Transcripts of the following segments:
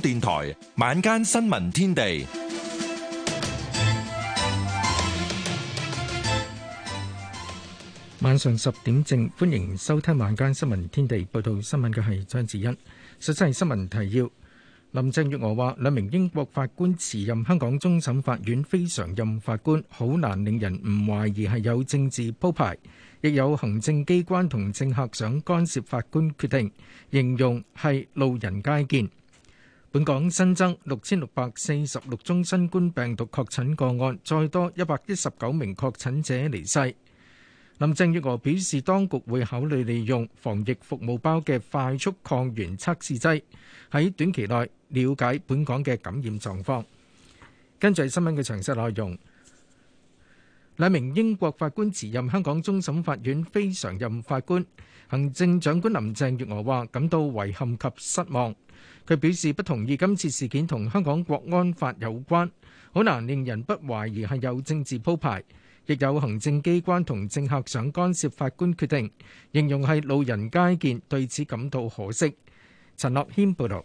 電台晚間新聞天地，晚上十點正歡迎收聽晚間新聞天地。報道新聞嘅係張智欣。實際係新聞提要：林鄭月娥話，兩名英國法官辭任香港終審法院非常任法官，好難令人唔懷疑係有政治鋪排。亦有行政機關同政客想干涉法官決定，形容係路人皆見。本港新增六千六百四十六宗新冠病毒確診個案，再多一百一十九名確診者離世。林鄭月娥表示，當局會考慮利用防疫服務包嘅快速抗原測試劑，喺短期內了解本港嘅感染狀況。跟住係新聞嘅詳細內容。兩名英國法官辭任香港終審法院非常任法官，行政長官林鄭月娥話感到遺憾及失望。佢表示不同意今次事件同香港國安法有關，好難令人不懷疑係有政治鋪排，亦有行政機關同政客想干涉法官決定，形容係路人皆見，對此感到可惜。陳樂謙報道。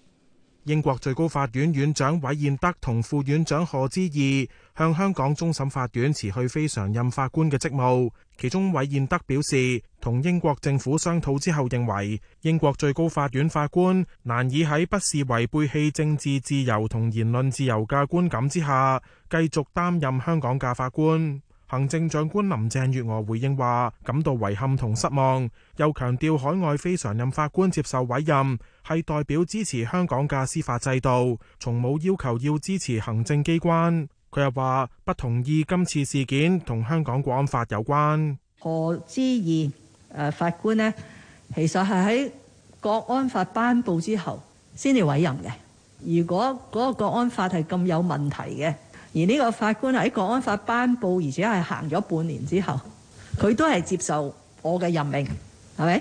英國最高法院院長韋彥德同副院長賀知義，向香港終審法院辭去非常任法官嘅職務。其中韋彥德表示，同英國政府商討之後，認為英國最高法院法官難以喺不視為背棄政治自由同言論自由嘅觀感之下，繼續擔任香港嘅法官。行政長官林鄭月娥回應話：感到遺憾同失望，又強調海外非常任法官接受委任係代表支持香港嘅司法制度，從冇要求要支持行政機關。佢又話不同意今次事件同香港國安法有關。賀知義法官呢，其實係喺國安法頒布之後先至委任嘅。如果嗰個國安法係咁有問題嘅。而呢個法官喺《國安法》頒布，而且係行咗半年之後，佢都係接受我嘅任命，係咪？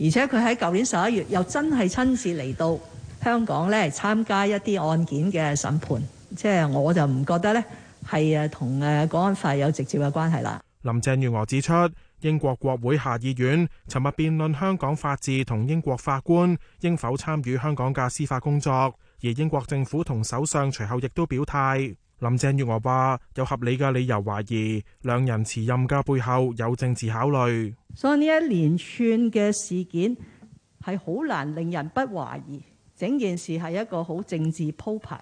而且佢喺舊年十一月又真係親自嚟到香港咧，參加一啲案件嘅審判。即係我就唔覺得呢係誒同誒《國安法》有直接嘅關係啦。林鄭月娥指出，英國國會下議院尋日辯論香港法治同英國法官應否參與香港嘅司法工作，而英國政府同首相隨後亦都表態。林鄭月娥話：有合理嘅理由懷疑兩人辭任嘅背後有政治考慮。所以呢一連串嘅事件係好難令人不懷疑，整件事係一個好政治鋪排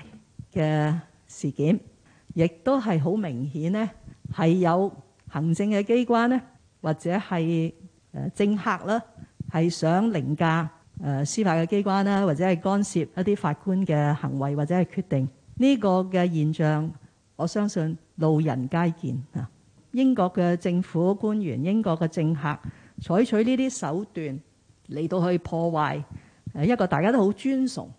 嘅事件，亦都係好明顯咧，係有行政嘅機關咧，或者係誒政客啦，係想凌駕誒司法嘅機關啦，或者係干涉一啲法官嘅行為或者係決定。呢個嘅現象，我相信路人皆見啊！英國嘅政府官員、英國嘅政客採取呢啲手段嚟到去破壞誒一個大家都好尊崇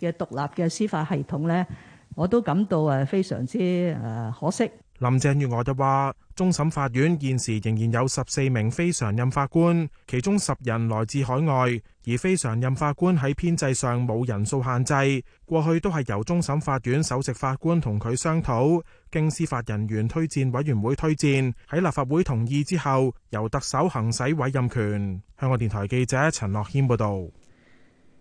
嘅獨立嘅司法系統呢，我都感到誒非常之誒可惜。林鄭月娥就話。終審法院現時仍然有十四名非常任法官，其中十人來自海外。而非常任法官喺編制上冇人數限制，過去都係由終審法院首席法官同佢商討，經司法人員推薦委員會推薦，喺立法會同意之後，由特首行使委任權。香港電台記者陳樂軒報導，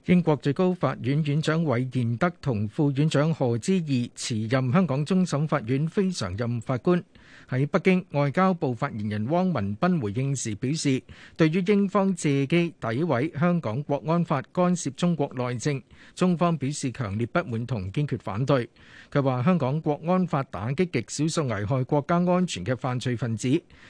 英國最高法院院長韋彥德同副院長賀知義辭任香港終審法院非常任法官。喺北京，外交部發言人汪文斌回應時表示，對於英方借機詆毀香港國安法、干涉中國內政，中方表示強烈不滿同堅決反對。佢話：香港國安法打擊極少數危害國家安全嘅犯罪分子，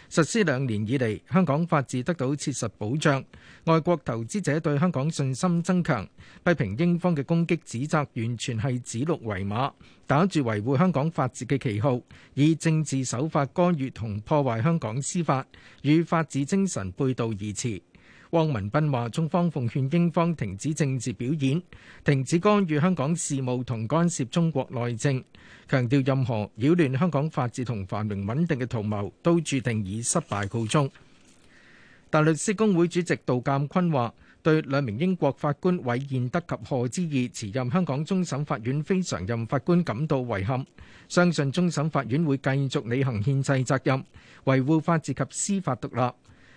實施兩年以嚟，香港法治得到切實保障，外國投資者對香港信心增強。批評英方嘅攻擊指責，完全係指鹿為馬。打住維護香港法治嘅旗號，以政治手法干預同破壞香港司法，與法治精神背道而馳。汪文斌話：中方奉勸英方停止政治表演，停止干預香港事務同干涉中國內政，強調任何擾亂香港法治同繁榮穩定嘅圖謀，都注定以失敗告終。大律師公會主席杜鑑坤話。對兩名英國法官韋彥德及賀知義辭任香港終審法院非常任法官感到遺憾，相信終審法院會繼續履行憲制責任，維護法治及司法獨立。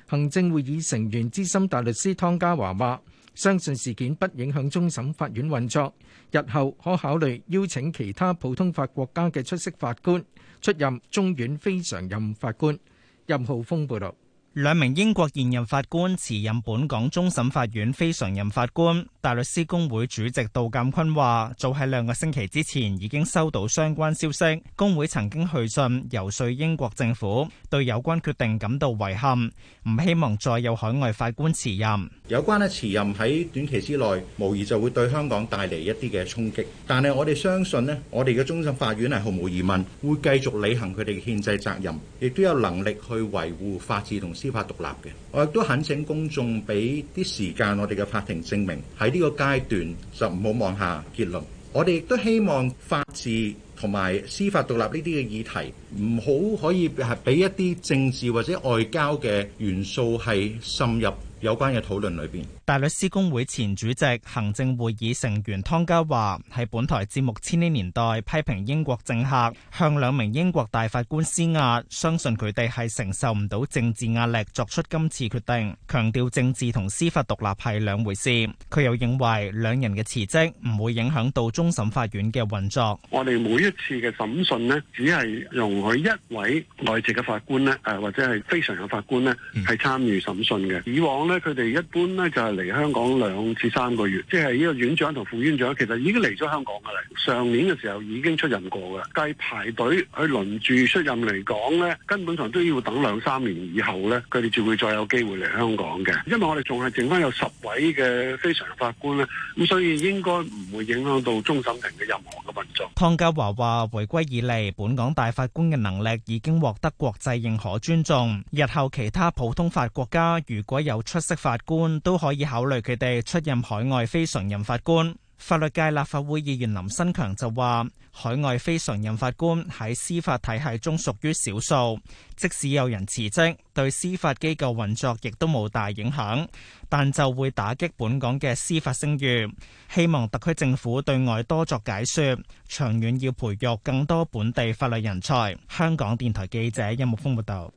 行政會議成員資深大律師湯家驊話：相信事件不影響終審法院運作，日後可考慮邀請其他普通法國家嘅出色法官出任終院非常任法官。任浩峰報道。兩名英國現任法官辭任本港終審法院非常任法官。大律師公會主席杜淦堃話：早喺兩個星期之前已經收到相關消息，工會曾經去信遊說英國政府，對有關決定感到遺憾，唔希望再有海外法官辭任。有關嘅辭任喺短期之內無疑就會對香港帶嚟一啲嘅衝擊，但係我哋相信呢，我哋嘅終審法院係毫無疑問會繼續履行佢哋嘅憲制責任，亦都有能力去維護法治同司法獨立嘅。我亦都懇請公眾俾啲時間，我哋嘅法庭證明喺。呢個階段就唔好妄下結論。我哋亦都希望法治同埋司法獨立呢啲嘅議題，唔好可以係俾一啲政治或者外交嘅元素係滲入有關嘅討論裏邊。大律師公會前主席、行政會議成員湯家驊喺本台節目《千禧年代》批評英國政客向兩名英國大法官施壓，相信佢哋係承受唔到政治壓力作出今次決定，強調政治同司法獨立係兩回事。佢又認為兩人嘅辭職唔會影響到終審法院嘅運作。我哋每一次嘅審訊呢，只係容許一位外籍嘅法官呢，誒或者係非常有法官呢，係參與審訊嘅。以往呢，佢哋一般呢就係。嚟香港兩至三個月，即係呢個院長同副院長其實已經嚟咗香港噶啦。上年嘅時候已經出任過嘅，計排隊去輪住出任嚟講咧，根本上都要等兩三年以後咧，佢哋至會再有機會嚟香港嘅。因為我哋仲係剩翻有十位嘅非常法官咧，咁所以應該唔會影響到終審庭嘅任何嘅運作。湯家驊話，回歸以嚟，本港大法官嘅能力已經獲得國際認可尊重，日後其他普通法國家如果有出色法官，都可以，考慮佢哋出任海外非常任法官，法律界立法會議員林新強就話，海外非常任法官喺司法體系中屬於少數，即使有人辭職，對司法機構運作亦都冇大影響，但就會打擊本港嘅司法聲譽。希望特區政府對外多作解說，長遠要培育更多本地法律人才。香港電台記者殷木鋒報道。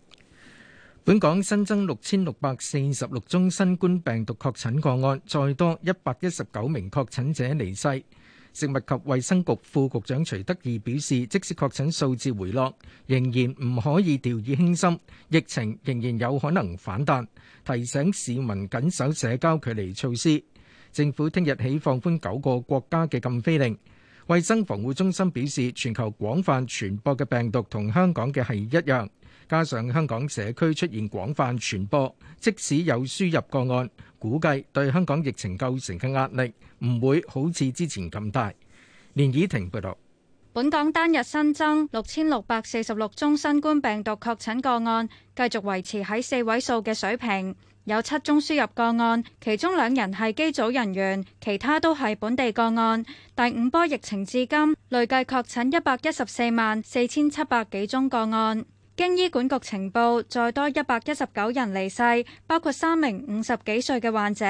本港新增六千六百四十六宗新冠病毒確診個案，再多一百一十九名確診者離世。食物及衛生局副局長徐德義表示，即使確診數字回落，仍然唔可以掉以輕心，疫情仍然有可能反彈，提醒市民緊守社交距離措施。政府聽日起放寬九個國家嘅禁飛令。衛生防護中心表示，全球廣泛傳播嘅病毒同香港嘅係一樣。加上香港社區出現廣泛傳播，即使有輸入個案，估計對香港疫情構成嘅壓力唔會好似之前咁大。連綺婷報道，本港單日新增六千六百四十六宗新冠病毒確診個案，繼續維持喺四位數嘅水平。有七宗輸入個案，其中兩人係機組人員，其他都係本地個案。第五波疫情至今累計確診一百一十四萬四千七百幾宗個案。經醫管局情報，再多一百一十九人離世，包括三名五十幾歲嘅患者，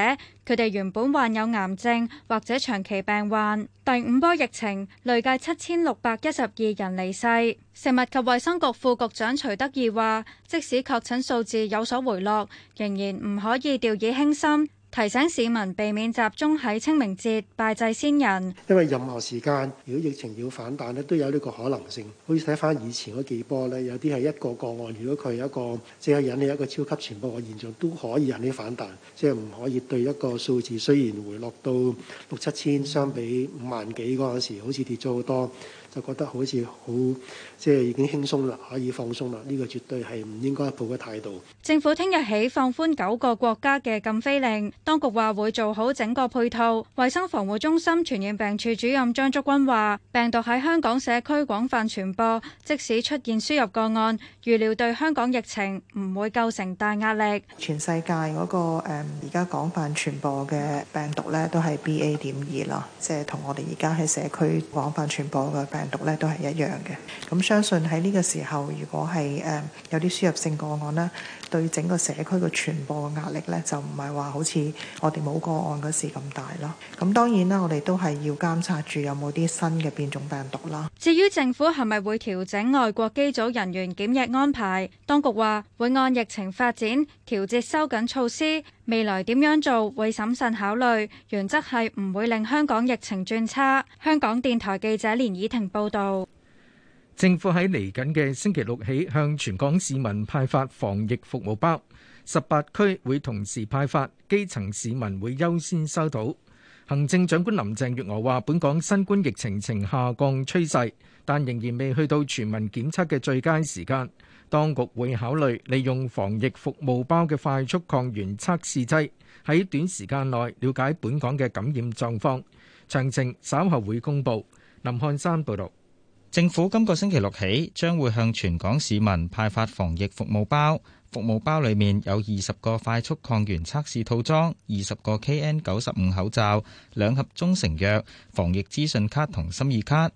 佢哋原本患有癌症或者長期病患。第五波疫情累計七千六百一十二人離世。食物及衛生局副局長徐德義話，即使確診數字有所回落，仍然唔可以掉以輕心。提醒市民避免集中喺清明節拜祭先人，因為任何時間如果疫情要反彈咧，都有呢個可能性。好似睇翻以前嗰幾波咧，有啲係一個個案，如果佢係一個即係引起一個超級傳播嘅現象，都可以引起反彈，即係唔可以對一個數字，雖然回落到六七千，相比五萬幾嗰陣時，好似跌咗好多，就覺得好似好。即係已經輕鬆啦，可以放鬆啦。呢、這個絕對係唔應該抱嘅態度。政府聽日起放寬九個國家嘅禁飛令，當局話會做好整個配套。衞生防護中心傳染病處主任張竹君話：病毒喺香港社區廣泛傳播，即使出現輸入個案，預料對香港疫情唔會構成大壓力。全世界嗰、那個而家廣泛傳播嘅病毒咧，都係 B A 點二啦，即係同我哋而家喺社區廣泛傳播嘅病毒咧都係一樣嘅咁。相信喺呢個時候，如果係誒有啲輸入性個案咧，對整個社區嘅傳播壓力咧，就唔係話好似我哋冇個案嗰時咁大啦，咁當然啦，我哋都係要監察住有冇啲新嘅變種病毒啦。至於政府係咪會調整外國機組人員檢疫安排？當局話會按疫情發展調節收緊措施，未來點樣做會審慎考慮，原則係唔會令香港疫情轉差。香港電台記者連以婷報道。政府喺嚟緊嘅星期六起，向全港市民派發防疫服務包，十八區會同時派發，基層市民會優先收到。行政長官林鄭月娥話：本港新冠疫情呈下降趨勢，但仍然未去到全民檢測嘅最佳時間。當局會考慮利用防疫服務包嘅快速抗原測試劑，喺短時間內了解本港嘅感染狀況。詳情稍後會公布。林漢山報道。政府今個星期六起將會向全港市民派發防疫服務包。服務包裡面有二十個快速抗原測試套裝、二十個 KN 九十五口罩、兩盒中成藥、防疫資訊卡同心意卡。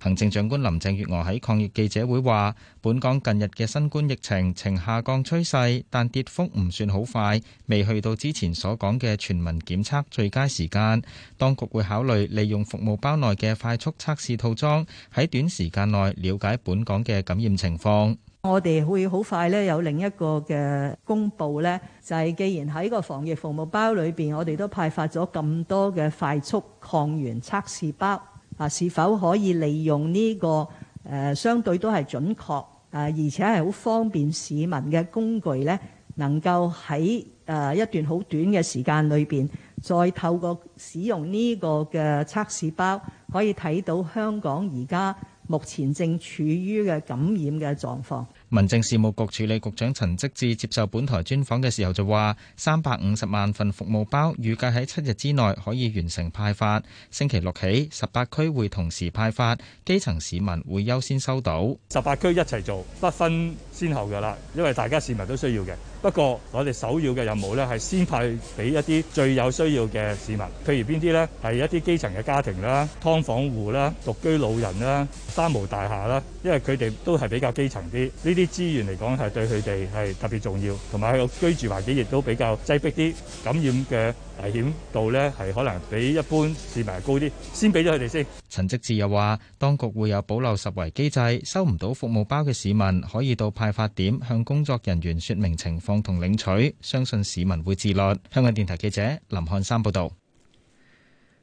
行政長官林鄭月娥喺抗疫記者會話：本港近日嘅新冠疫情呈下降趨勢，但跌幅唔算好快，未去到之前所講嘅全民檢測最佳時間。當局會考慮利用服務包內嘅快速測試套裝，喺短時間內了解本港嘅感染情況。我哋會好快咧有另一個嘅公佈咧，就係、是、既然喺個防疫服務包裏邊，我哋都派發咗咁多嘅快速抗原測試包，啊，是否可以利用呢、這個誒、呃、相對都係準確誒、呃，而且係好方便市民嘅工具咧，能夠喺誒一段好短嘅時間裏邊，再透過使用呢個嘅測試包，可以睇到香港而家，目前正處於嘅感染嘅狀況，民政事務局處理局長陳積志接受本台專訪嘅時候就話，三百五十萬份服務包預計喺七日之內可以完成派發，星期六起十八區會同時派發，基層市民會優先收到。十八區一齊做，不分先後噶啦，因為大家市民都需要嘅。不過，我哋首要嘅任務咧，係先派俾一啲最有需要嘅市民。譬如邊啲呢？係一啲基層嘅家庭啦、劏房戶啦、獨居老人啦、三無大廈啦，因為佢哋都係比較基層啲，呢啲資源嚟講係對佢哋係特別重要，同埋佢個居住環境亦都比較擠迫啲，感染嘅。危險度呢係可能比一般市民高啲，先俾咗佢哋先。陳積志又話，當局會有保留十圍機制，收唔到服務包嘅市民可以到派發點向工作人員説明情況同領取。相信市民會自律。香港電台記者林漢山報導。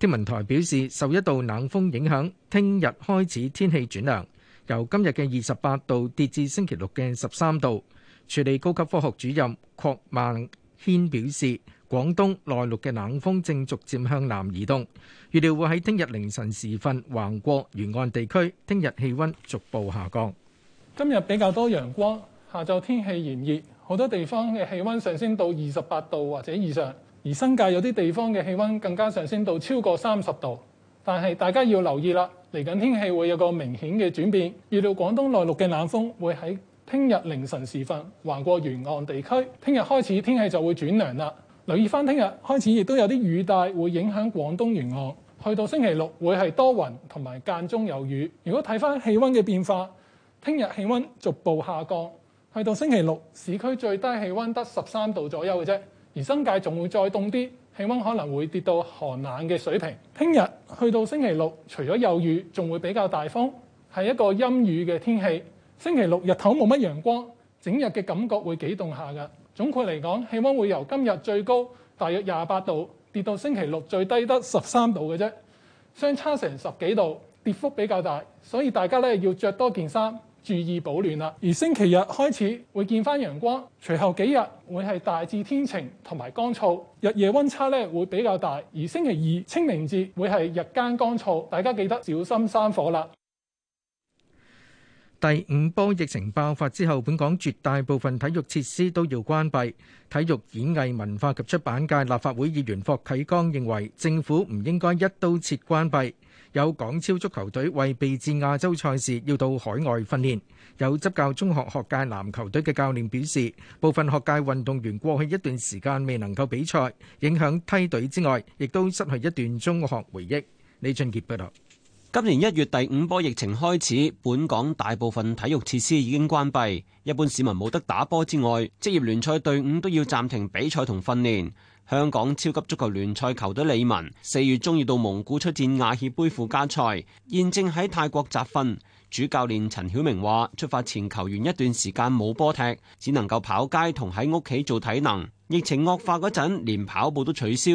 天文台表示，受一道冷風影響，聽日開始天氣轉涼，由今日嘅二十八度跌至星期六嘅十三度。處理高級科學主任郭萬軒表示，廣東內陸嘅冷風正逐漸向南移動，預料會喺聽日凌晨時分橫過沿岸地區，聽日氣温逐步下降。今日比較多陽光，下晝天氣炎熱，好多地方嘅氣温上升到二十八度或者以上。而新界有啲地方嘅氣温更加上升到超過三十度，但係大家要留意啦，嚟緊天氣會有個明顯嘅轉變，預料廣東內陸嘅冷風會喺聽日凌晨時分橫過沿岸地區，聽日開始天氣就會轉涼啦。留意翻聽日開始亦都有啲雨帶會影響廣東沿岸，去到星期六會係多雲同埋間中有雨。如果睇翻氣温嘅變化，聽日氣温逐步下降，去到星期六市區最低氣温得十三度左右嘅啫。而新界仲會再凍啲，氣温可能會跌到寒冷嘅水平。聽日去到星期六，除咗有雨，仲會比較大風，係一個陰雨嘅天氣。星期六日頭冇乜陽光，整日嘅感覺會幾凍下㗎。總括嚟講，氣温會由今日最高大約廿八度，跌到星期六最低得十三度嘅啫，相差成十幾度，跌幅比較大，所以大家咧要着多件衫。注意保暖啦，而星期日開始會見翻陽光，隨後幾日會係大致天晴同埋乾燥，日夜温差咧會比較大。而星期二清明節會係日間乾燥，大家記得小心生火啦。第五波疫情爆發之後，本港絕大部分體育設施都要關閉。體育演藝文化及出版界立法會議員霍啟剛認為，政府唔應該一刀切關閉。有港超足球隊為備戰亞洲賽事要到海外訓練，有執教中學學界籃球隊嘅教練表示，部分學界運動員過去一段時間未能夠比賽，影響梯隊之外，亦都失去一段中學回憶。李俊傑報道。今年一月第五波疫情開始，本港大部分體育設施已經關閉，一般市民冇得打波之外，職業聯賽隊伍都要暫停比賽同訓練。香港超級足球聯賽球隊理文四月中要到蒙古出戰亞協盃附加賽，現正喺泰國集訓。主教練陳曉明話：出發前球員一段時間冇波踢，只能夠跑街同喺屋企做體能。疫情惡化嗰陣，連跑步都取消。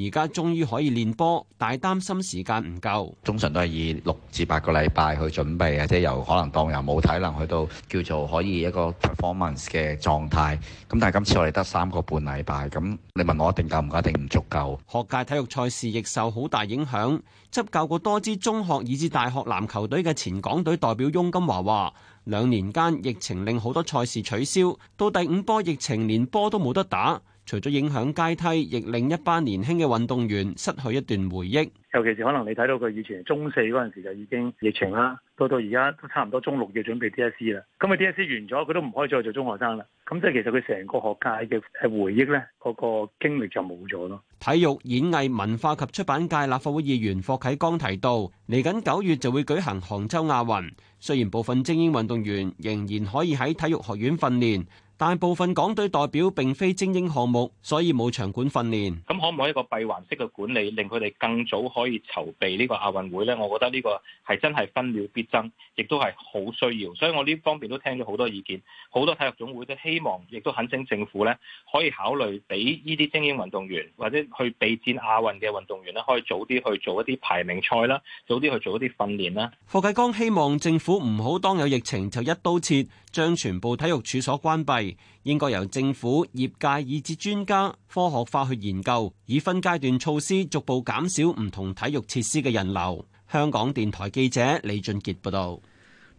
而家終於可以練波，但係擔心時間唔夠。通常都係以六至八個禮拜去準備嘅，即係由可能當由冇體能去到叫做可以一個 performance 嘅狀態。咁但係今次我哋得三個半禮拜，咁你問我一定夠唔夠？一定唔足夠。學界體育賽事亦受好大影響。執教過多支中學以至大學籃球隊嘅前港隊代表翁金華話：「兩年間疫情令好多賽事取消，到第五波疫情連波都冇得打。」除咗影響階梯，亦令一班年輕嘅運動員失去一段回憶。尤其是可能你睇到佢以前中四嗰陣時就已經疫情啦，到到而家都差唔多中六嘅準備 DSE 啦。咁嘅 DSE 完咗，佢都唔可以再做中學生啦。咁即係其實佢成個學界嘅係回憶咧，嗰個經歷就冇咗咯。體育演藝文化及出版界立法會議員霍啟剛提到，嚟緊九月就會舉行杭州亞運，雖然部分精英運動員仍然可以喺體育學院訓練。大部分港隊代表並非精英項目，所以冇場館訓練。咁可唔可以一個閉環式嘅管理，令佢哋更早可以籌備呢個亞運會咧？我覺得呢個係真係分秒必爭，亦都係好需要。所以我呢方面都聽咗好多意見，好多體育總會都希望，亦都懇請政府咧可以考慮俾呢啲精英運動員或者去備戰亞運嘅運動員咧，可以早啲去做一啲排名賽啦，早啲去做一啲訓練啦。霍啟剛希望政府唔好當有疫情就一刀切，將全部體育處所關閉，應該由政府、業界以至專家、科學化去研究，以分階段措施逐步減少唔同體育設施嘅人流。香港電台記者李俊傑報導。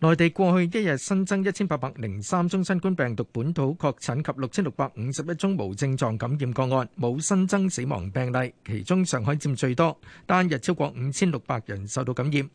內地過去一日新增一千八百零三宗新冠病毒本土確診及六千六百五十一宗無症狀感染個案，冇新增死亡病例，其中上海佔最多，單日超過五千六百人受到感染。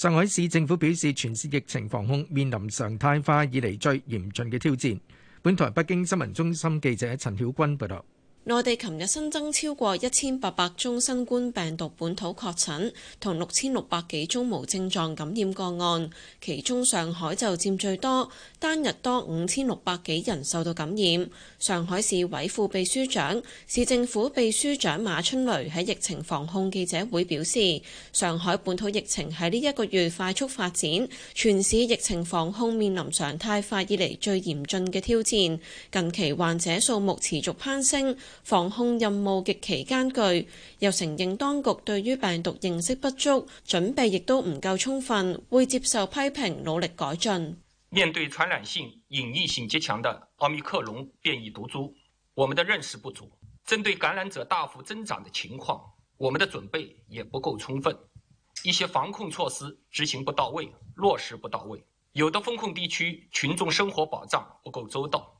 上海市政府表示，全市疫情防控面臨常態化以嚟最嚴峻嘅挑戰。本台北京新聞中心記者陳曉君報道。內地琴日新增超過一千八百宗新冠病毒本土確診，同六千六百幾宗無症狀感染個案，其中上海就佔最多，單日多五千六百幾人受到感染。上海市委副秘書長、市政府秘書長馬春雷喺疫情防控記者會表示，上海本土疫情喺呢一個月快速發展，全市疫情防控面臨常態化以來最嚴峻嘅挑戰，近期患者數目持續攀升。防控任務極其艱巨，又承認當局對於病毒認識不足，準備亦都唔夠充分，會接受批評，努力改進。面對傳染性隱匿性極強的奧密克戎變異毒株，我們的認識不足；針對感染者大幅增長的情況，我們的準備也不夠充分，一些防控措施執行不到位、落實不到位，有的封控地區群眾生活保障不夠周到。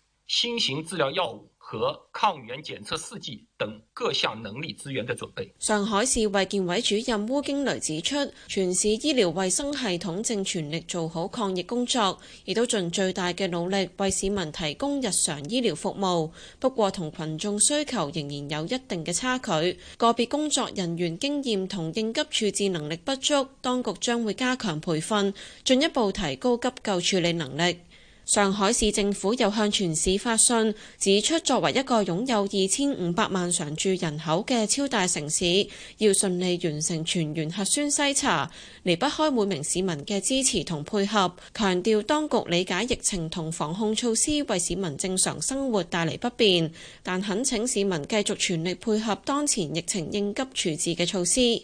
新型治療藥物和抗原檢測試劑等各項能力資源的準備。上海市衛健委主任鄔驚雷指出，全市醫療衛生系統正全力做好抗疫工作，亦都盡最大嘅努力為市民提供日常醫療服務。不過，同群眾需求仍然有一定嘅差距。個別工作人員經驗同應急處置能力不足，當局將會加強培訓，進一步提高急救處理能力。上海市政府又向全市發信，指出作為一個擁有二千五百萬常住人口嘅超大城市，要順利完成全員核酸篩查，離不開每名市民嘅支持同配合。強調當局理解疫情同防控措施為市民正常生活帶嚟不便，但懇請市民繼續全力配合當前疫情應急處置嘅措施。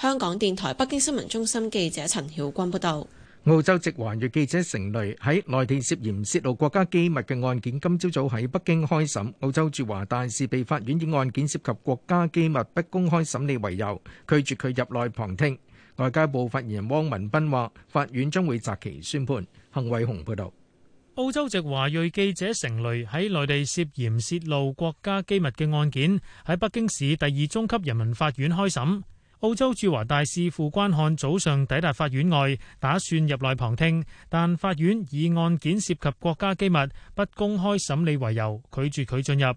香港電台北京新聞中心記者陳曉君報道。澳洲籍華裔記者成蕾喺內地涉嫌洩露國家機密嘅案件，今朝早喺北京開審。澳洲駐華大使被法院以案件涉及國家機密，不公開審理為由，拒絕佢入內旁聽。外交部發言人汪文斌話，法院將會擇期宣判。幸偉雄報道。澳洲籍華裔記者成蕾喺內地涉嫌洩露國家機密嘅案件，喺北京市第二中級人民法院開審。澳洲駐華大使傅關漢早上抵達法院外，打算入內旁聽，但法院以案件涉及國家機密，不公開審理為由，拒絕佢進入。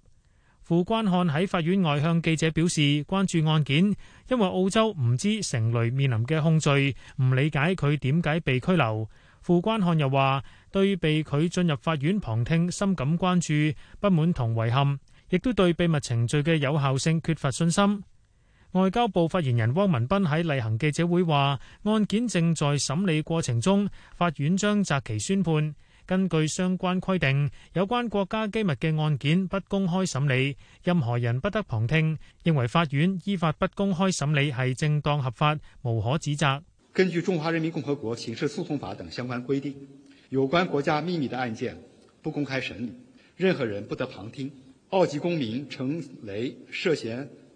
傅關漢喺法院外向記者表示，關注案件，因為澳洲唔知成蕾面臨嘅控罪，唔理解佢點解被拘留。傅關漢又話，對被拒進入法院旁聽深感關注、不滿同遺憾，亦都對秘密程序嘅有效性缺乏信心。外交部發言人汪文斌喺例行記者會話：案件正在審理過程中，法院將擇期宣判。根據相關規定，有關國家機密嘅案件不公開審理，任何人不得旁聽。認為法院依法不公開審理係正當合法，無可指責。根據《中華人民共和國刑事訴訟法》等相關規定，有關國家秘密的案件不公開審理，任何人不得旁聽。澳籍公民成蕾涉嫌。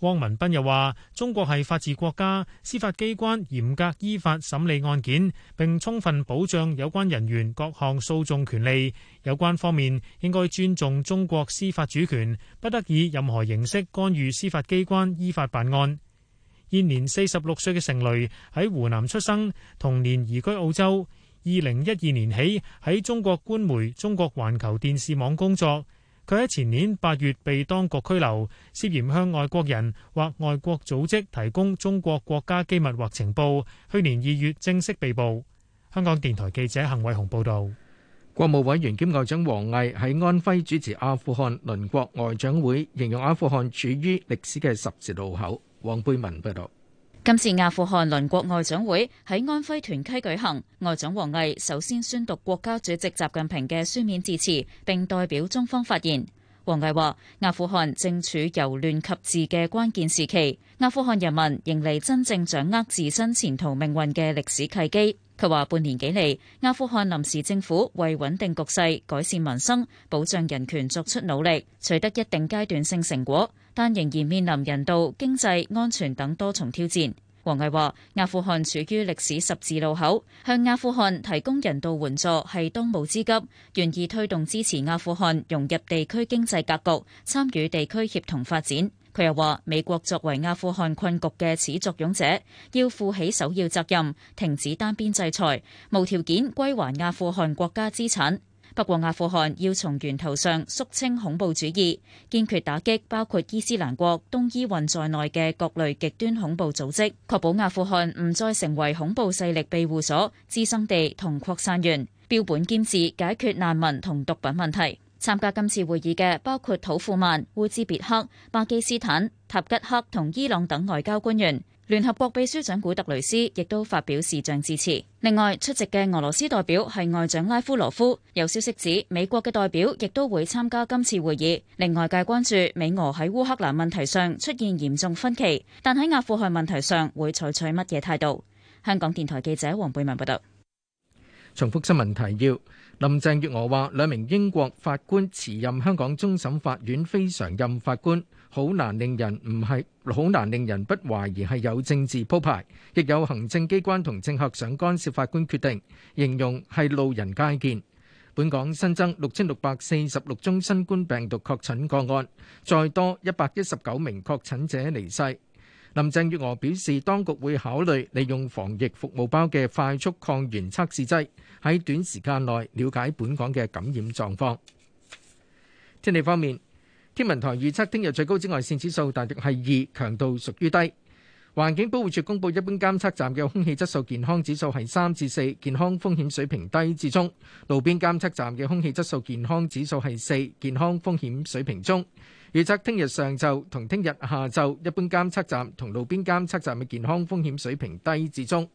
汪文斌又話中國係法治國家，司法機關嚴格依法審理案件，並充分保障有關人員各項訴訟權利。有關方面應該尊重中國司法主權，不得以任何形式干預司法機關依法辦案。現年四十六歲嘅成蕾喺湖南出生，童年移居澳洲。二零一二年起喺中國官媒《中國環球電視網》工作。佢喺前年八月被當局拘留，涉嫌向外國人或外國組織提供中國國家機密或情報。去年二月正式被捕。香港電台記者幸偉雄報導。國務委員兼外長王毅喺安徽主持阿富汗鄰國外長會，形容阿富汗處於歷史嘅十字路口。黃貝文報導。今次阿富汗鄰國外長會喺安徽屯溪舉行，外長王毅首先宣讀國家主席習近平嘅書面致辭並代表中方發言。王毅話：阿富汗正處由亂及治嘅關鍵時期，阿富汗人民迎嚟真正掌握自身前途命運嘅歷史契機。佢話：半年幾嚟，阿富汗臨時政府為穩定局勢、改善民生、保障人權作出努力，取得一定階段性成果。但仍然面臨人道、經濟、安全等多重挑戰。王毅話，阿富汗處於歷史十字路口，向阿富汗提供人道援助係當務之急，願意推動支持阿富汗融入地區經濟格局，參與地區協同發展。佢又話，美國作為阿富汗困局嘅始作俑者，要負起首要責任，停止單邊制裁，無條件歸還阿富汗國家資產。不過，阿富汗要從源頭上肅清恐怖主義，堅決打擊包括伊斯蘭國、東伊運在內嘅各類極端恐怖組織，確保阿富汗唔再成為恐怖勢力庇護所、滋生地同擴散源。標本兼治，解決難民同毒品問題。參加今次會議嘅包括土庫曼、烏茲別克、巴基斯坦、塔吉克同伊朗等外交官員。聯合國秘書長古特雷斯亦都發表視像致辭。另外出席嘅俄羅斯代表係外長拉夫羅夫。有消息指美國嘅代表亦都會參加今次會議。令外界關注美俄喺烏克蘭問題上出現嚴重分歧，但喺阿富汗問題上會採取乜嘢態度？香港電台記者黃貝文報道。重複新聞提要：林鄭月娥話兩名英國法官辭任香港終審法院非常任法官。好難令人唔係，好難令人不懷疑係有政治鋪排，亦有行政機關同政客想干涉法官決定，形容係路人皆見。本港新增六千六百四十六宗新冠病毒確診個案，再多一百一十九名確診者離世。林鄭月娥表示，當局會考慮利用防疫服務包嘅快速抗原測試劑，喺短時間內了解本港嘅感染狀況。天氣方面。天文台預測，聽日最高紫外線指數大約係二，強度屬於低。環境保護署公佈，一般監測站嘅空氣質素健康指數係三至四，健康風險水平低至中；路邊監測站嘅空氣質素健康指數係四，健康風險水平中。預測聽日上晝同聽日下晝，一般監測站同路邊監測站嘅健康風險水平低至中。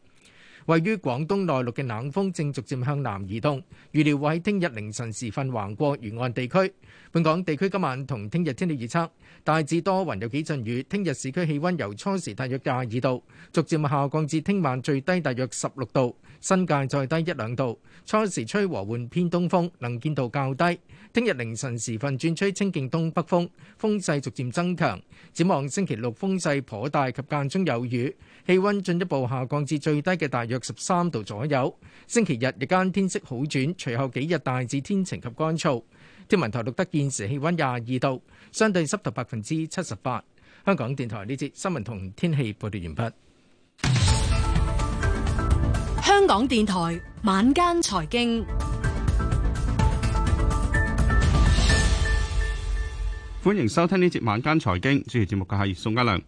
位於廣東內陸嘅冷風正逐漸向南移動，預料會喺聽日凌晨時分橫過沿岸地區。本港地區今晚同聽日天氣預測，大致多雲，有幾陣雨。聽日市區氣温由初時大約廿二度，逐漸下降至聽晚最低大約十六度，新界再低一兩度。初時吹和緩偏東風，能見度較低。聽日凌晨時分轉吹清勁東北風，風勢逐漸增強。展望星期六風勢頗大及間中有雨，氣温進一步下降至最低嘅大約約十三度左右。星期日日間天色好轉，隨後幾日大致天晴及乾燥。天文台錄得現時氣溫廿二度，相對濕度百分之七十八。香港電台呢節新聞同天氣報道完畢。香港電台晚間財經，歡迎收聽呢節晚間財經。主持節目嘅係宋家良。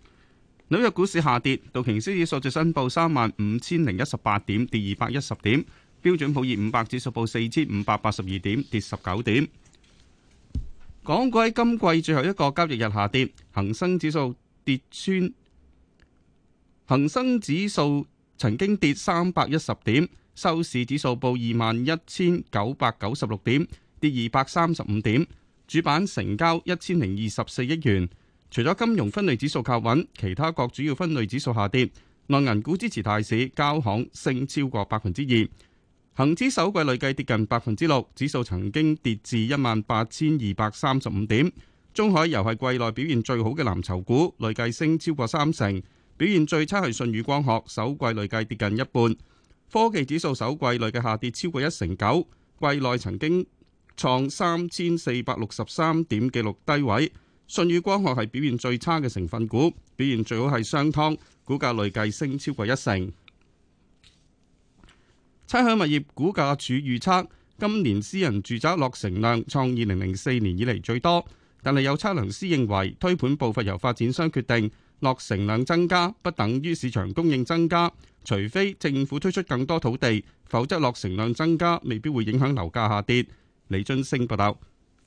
紐約股市下跌，道瓊斯指數最新報三萬五千零一十八點，跌二百一十點；標準普爾五百指數報四千五百八十二點，跌十九點。港股喺今季最後一個交易日下跌，恒生指數跌穿，恒生指數曾經跌三百一十點，收市指數報二萬一千九百九十六點，跌二百三十五點，主板成交一千零二十四億元。除咗金融分類指數靠穩，其他各主要分類指數下跌。內銀股支持大市，交行升超過百分之二。恒指首季累計跌近百分之六，指數曾經跌至一萬八千二百三十五點。中海油係季內表現最好嘅藍籌股，累計升超過三成。表現最差係舜宇光學，首季累計跌近一半。科技指數首季累計下跌超過一成九，季內曾經創三千四百六十三點紀錄低位。信宇光學係表現最差嘅成分股，表現最好係商湯，股價累計升超過一成。差響物業股價處預測，今年私人住宅落成量創二零零四年以嚟最多，但係有測量師認為，推盤步伐由發展商決定，落成量增加不等於市場供應增加，除非政府推出更多土地，否則落成量增加未必會影響樓價下跌。李津升報道。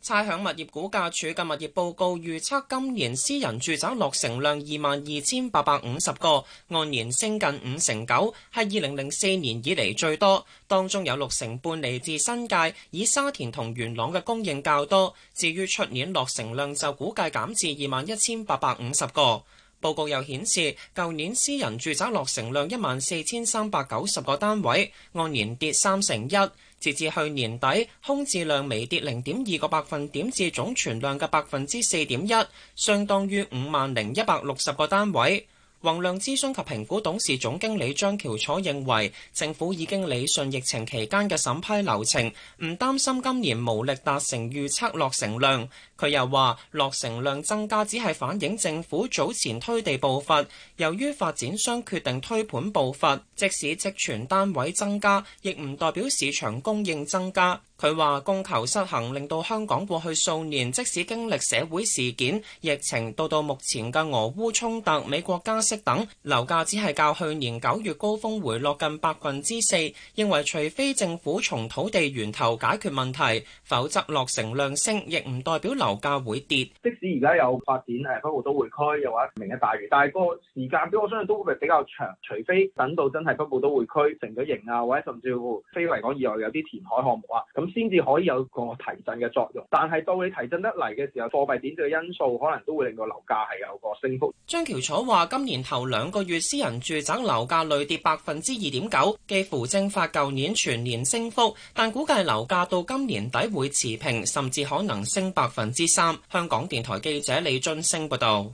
差餉物業估價署嘅物業報告預測，今年私人住宅落成量二萬二千八百五十個，按年升近五成九，係二零零四年以嚟最多。當中有六成半嚟自新界，以沙田同元朗嘅供應較多。至於出年落成量就估計減至二萬一千八百五十個。報告又顯示，舊年私人住宅落成量一萬四千三百九十個單位，按年跌三成一。截至去年底，空置量微跌零點二個百分點至總存量嘅百分之四點一，相當於五萬零一百六十個單位。宏亮諮詢及評估董事總經理張喬楚認為，政府已經理順疫情期間嘅審批流程，唔擔心今年無力達成預測落成量。佢又話：落成量增加只係反映政府早前推地步伐，由於發展商決定推盤步伐，即使積存單位增加，亦唔代表市場供應增加。佢話供求失衡令到香港過去數年，即使經歷社會事件、疫情，到到目前嘅俄烏衝突、美國加息等，樓價只係較去年九月高峰回落近百分之四。認為除非政府從土地源頭解決問題，否則落成量升亦唔代表樓。樓價會跌，即使而家有發展誒北部都會區又或者明日大嶼，但係個時間表我相信都會比較長，除非等到真係北部都會區成咗型啊，或者甚至乎非維港以外有啲填海項目啊，咁先至可以有個提振嘅作用。但係到你提振得嚟嘅時候，貨幣貶值嘅因素可能都會令到樓價係有個升幅。張橋楚話：今年頭兩個月私人住宅樓價累跌百分之二點九，幾乎蒸發舊年全年升幅，但估計樓價到今年底會持平，甚至可能升百分之三，香港電台記者李俊升報道。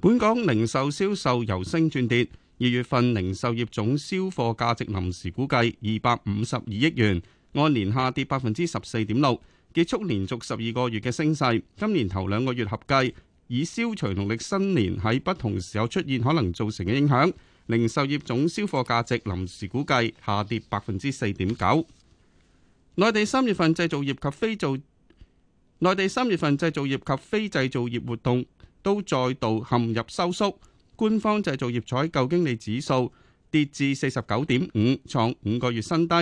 本港零售銷售由升轉跌，二月份零售業總銷貨價值臨時估計二百五十二億元，按年下跌百分之十四點六，結束連續十二個月嘅升勢。今年頭兩個月合計，以消除農曆新年喺不同時候出現可能造成嘅影響，零售業總銷貨價值臨時估計下跌百分之四點九。內地三月份製造業及非造內地三月份製造業及非製造業活動都再度陷入收縮，官方製造業採購經理指數跌至四十九點五，創五個月新低；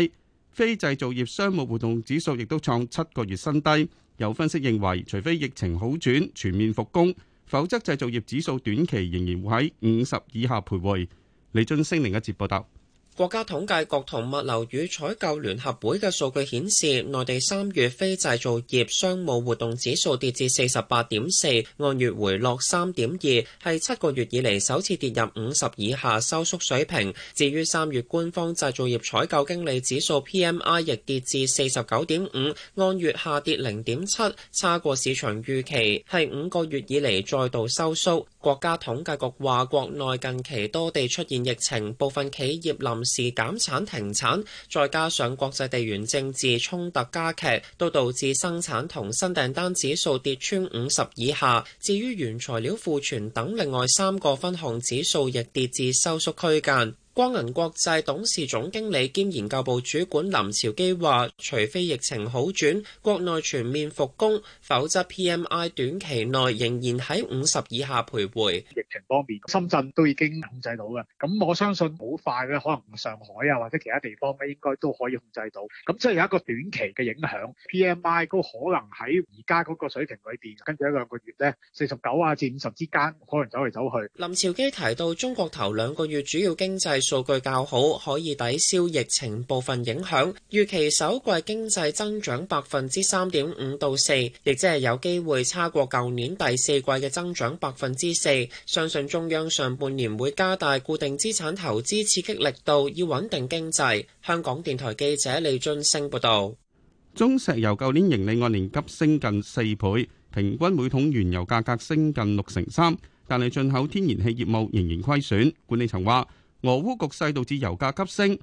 非製造業商務活動指數亦都創七個月新低。有分析認為，除非疫情好轉、全面復工，否則製造業指數短期仍然會喺五十以下徘徊。李津升另一節報道。國家統計局同物流與採購聯合會嘅數據顯示，內地三月非製造業商務活動指數跌至四十八點四，按月回落三點二，係七個月以嚟，首次跌入五十以下收縮水平。至於三月官方製造業採購經理指數 PMI 亦跌至四十九點五，按月下跌零點七，差過市場預期，係五個月以嚟再度收縮。國家統計局話，國內近期多地出現疫情，部分企業臨時減產停產，再加上國際地緣政治衝突加劇，都導致生產同新訂單指數跌穿五十以下。至於原材料庫存等另外三個分項指數，亦跌至收縮區間。光銀國際董事總經理兼研究部主管林朝基話，除非疫情好轉，國內全面復工，否則 PMI 短期內仍然喺五十以下徘徊。疫情方面，深圳都已經控制到嘅，咁我相信好快咧，可能上海啊或者其他地方咧，應該都可以控制到。咁即係有一個短期嘅影響，PMI 都可能喺而家嗰個水平裏邊，跟住一兩個月咧，四十九啊至五十之間，可能走嚟走去。林朝基提到，中國頭兩個月主要經濟。數據較好，可以抵消疫情部分影響。預期首季經濟增長百分之三點五到四，亦即係有機會差過舊年第四季嘅增長百分之四。相信中央上半年會加大固定資產投資刺激力度，以穩定經濟。香港電台記者李俊升報道。中石油舊年盈利按年急升近四倍，平均每桶原油價格升近六成三，但係進口天然氣業務仍然虧損。管理層話。俄烏局勢導致油價急升，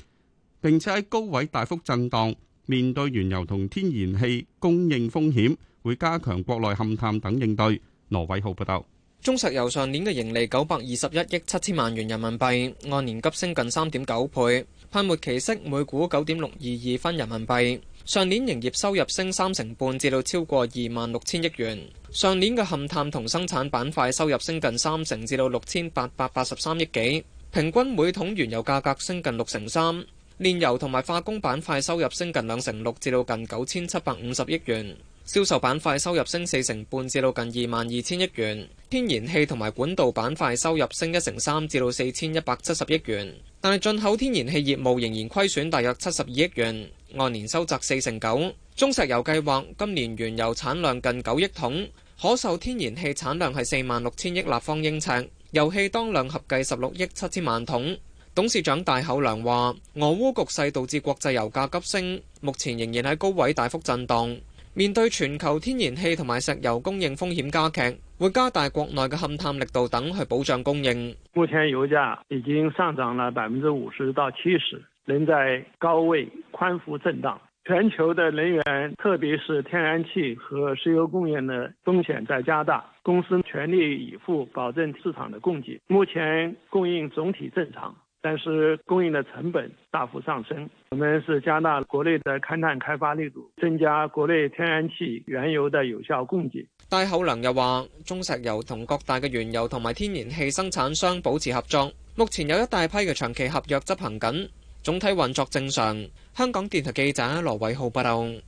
並且喺高位大幅震盪。面對原油同天然氣供應風險，會加強國內勘探等應對。羅偉浩報道：中石油上年嘅盈利九百二十一億七千萬元人民幣，按年急升近三點九倍，派末期息每股九點六二二分人民幣。上年營業收入升三成半，至到超過二萬六千億元。上年嘅勘探同生產板塊收入升近三成，至到六千八百八十三億幾。平均每桶原油價格升近六成三，煉油同埋化工板塊收入升近兩成六，至到近九千七百五十億元；銷售板塊收入升四成半，至到近二萬二千億元；天然氣同埋管道板塊收入升一成三，至到四千一百七十億元。但係進口天然氣業務仍然虧損，大約七十二億元，按年收窄四成九。中石油計劃今年原油產量近九億桶，可售天然氣產量係四萬六千億立方英尺。油氣當量合計十六億七千萬桶。董事長戴厚良話：俄烏局勢導致國際油價急升，目前仍然喺高位大幅震盪。面對全球天然氣同埋石油供應風險加劇，會加大國內嘅勘探力度等去保障供應。目前油價已經上漲了百分之五十到七十，仍在高位寬幅震盪。全球嘅能源，特別是天然氣和石油供應的風險在加大。公司全力以赴保證市場的供給，目前供應總體正常，但是供應的成本大幅上升。我們是加大國內的勘探開發力度，增加國內天然氣、原油的有效供給。戴厚良又話，中石油同各大嘅原油同埋天然氣生產商保持合作，目前有一大批嘅長期合約執行緊，總體運作正常。香港電台記者羅偉浩報道。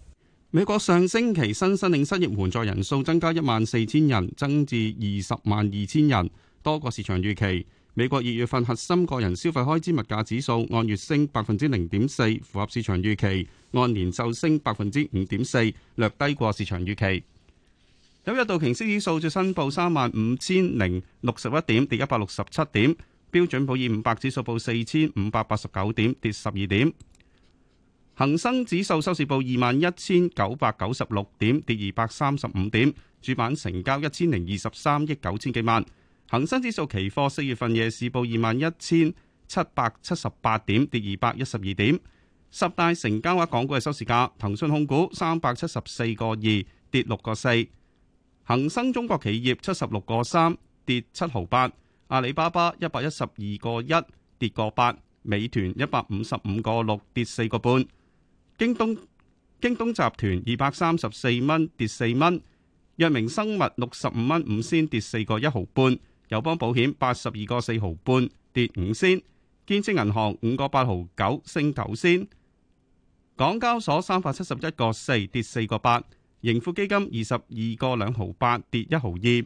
美國上星期新申領失業援助人數增加一萬四千人，增至二十萬二千人，多過市場預期。美國二月份核心個人消費開支物價指數按月升百分之零點四，符合市場預期；按年就升百分之五點四，略低過市場預期。紐約道瓊斯指數最新報三萬五千零六十一點，跌一百六十七點，標準普爾五百指數報四千五百八十九點，跌十二點。恒生指數收市報二萬一千九百九十六點，跌二百三十五點。主板成交一千零二十三億九千幾萬。恒生指數期貨四月份夜市報二萬一千七百七十八點，跌二百一十二點。十大成交額港股嘅收市價：騰訊控股三百七十四個二跌六個四；恒生中國企業七十六個三跌七毫八；阿里巴巴一百一十二個一跌個八；美團一百五十五個六跌四個半。京東京東集團二百三十四蚊，跌四蚊。藥明生物六十五蚊五仙，跌四個一毫半。友邦保險八十二個四毫半，跌五仙。建設銀行五個八毫九，升九仙。港交所三百七十一個四，跌四個八。盈富基金二十二個兩毫八，跌一毫二。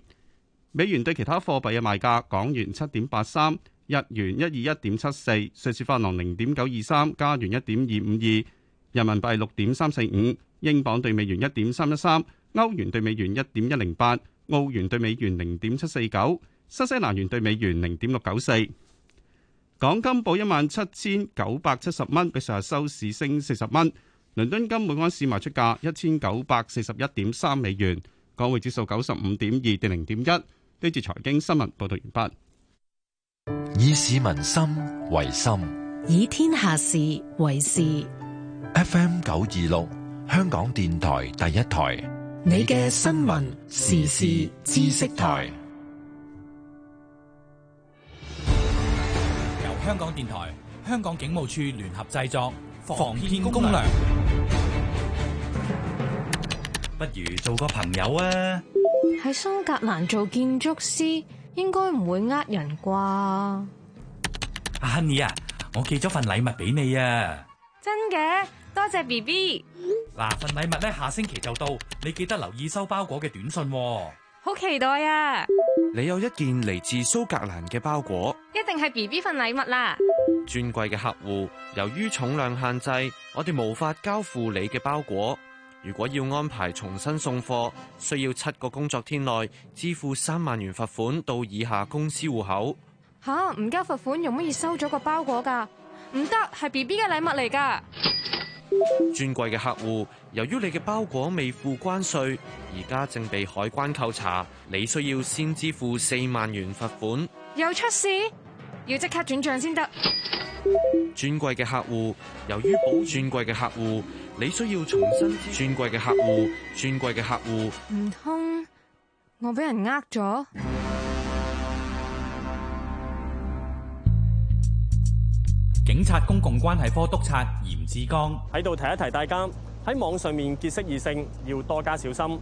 美元對其他貨幣嘅賣價：港元七點八三，日元一二一點七四，瑞士法郎零點九二三，加元一點二五二。人民幣六點三四五，英鎊兌美元一點三一三，歐元兌美元一點一零八，澳元兌美元零點七四九，新西蘭元兌美元零點六九四。港金報一萬七千九百七十蚊，比上日收市升四十蚊。倫敦金每安士賣出價一千九百四十一點三美元，港匯指數九十五點二，跌零點一。呢次財經新聞報道完畢。以市民心為心，以天下事為事。F M 九二六，香港電台第一台。你嘅新聞時事知識台，由香港電台、香港警務處聯合製作《防騙攻略》。不如做個朋友啊！喺蘇格蘭做建築師，應該唔會呃人啩？阿亨利啊，我寄咗份禮物俾你啊！真嘅？多謝 B B，嗱，份禮物咧，下星期就到，你記得留意收包裹嘅短信哦。好期待啊！你有一件嚟自蘇格蘭嘅包裹，一定係 B B 份禮物啦。尊貴嘅客戶，由於重量限制，我哋無法交付你嘅包裹。如果要安排重新送貨，需要七個工作天內支付三萬元罰款到以下公司戶口。吓、啊，唔交罰款，容唔可以收咗個包裹噶？唔得，係 B B 嘅禮物嚟噶。尊貴嘅客戶，由於你嘅包裹未付關稅，而家正被海關扣查，你需要先支付四萬元罰款。又出事，要即刻轉賬先得。尊貴嘅客戶，由於保尊貴嘅客戶，你需要重新。尊貴嘅客戶，尊貴嘅客戶，唔通我俾人呃咗？警察公共關係科督察嚴志剛喺度提一提大家，喺網上面結識異性要多加小心。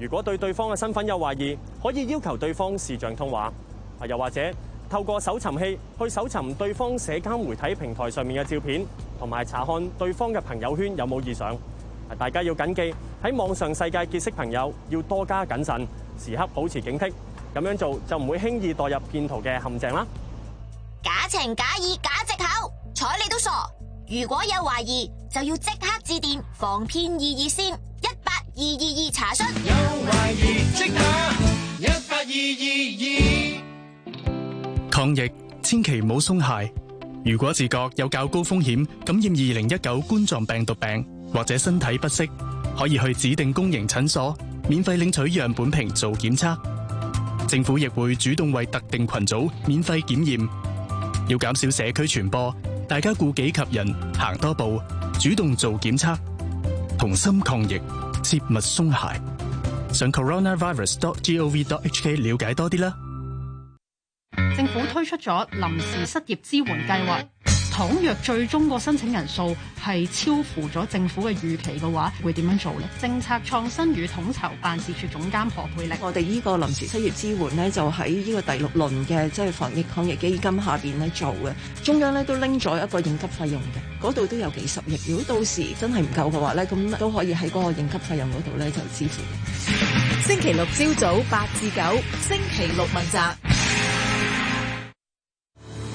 如果對對方嘅身份有懷疑，可以要求對方視像通話。啊，又或者透過搜尋器去搜尋對方社交媒體平台上面嘅照片，同埋查看對方嘅朋友圈有冇異常。啊，大家要謹記喺網上世界結識朋友要多加謹慎，時刻保持警惕，咁樣做就唔會輕易墮入騙徒嘅陷阱啦。假情假意假藉口。睬你都傻，如果有懷疑就要即刻致電防騙二二線一八二二二查詢。有懷疑即打，一八二二二。抗疫千祈唔好鬆懈，如果自覺有較高風險感染二零一九冠狀病毒病或者身體不適，可以去指定公營診所免費領取樣本瓶做檢測。政府亦會主動為特定群組免費檢驗，要減少社區傳播。大家顧己及人，行多步，主動做檢測，同心抗疫，切勿鬆懈。上 coronavirus.gov.hk 了解多啲啦。政府推出咗臨時失業支援計劃。倘若最終個申請人數係超乎咗政府嘅預期嘅話，會點樣做咧？政策創新與統籌辦事處總監何佩玲。我哋呢個臨時失業支援咧，就喺呢個第六輪嘅即係防疫抗疫基金下邊咧做嘅。中央咧都拎咗一個應急費用嘅，嗰度都有幾十億。如果到時真係唔夠嘅話咧，咁都可以喺嗰個應急費用嗰度咧就支付。星期六朝早八至九，星期六問責。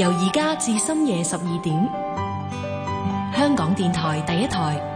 由而家至深夜十二點，香港電台第一台。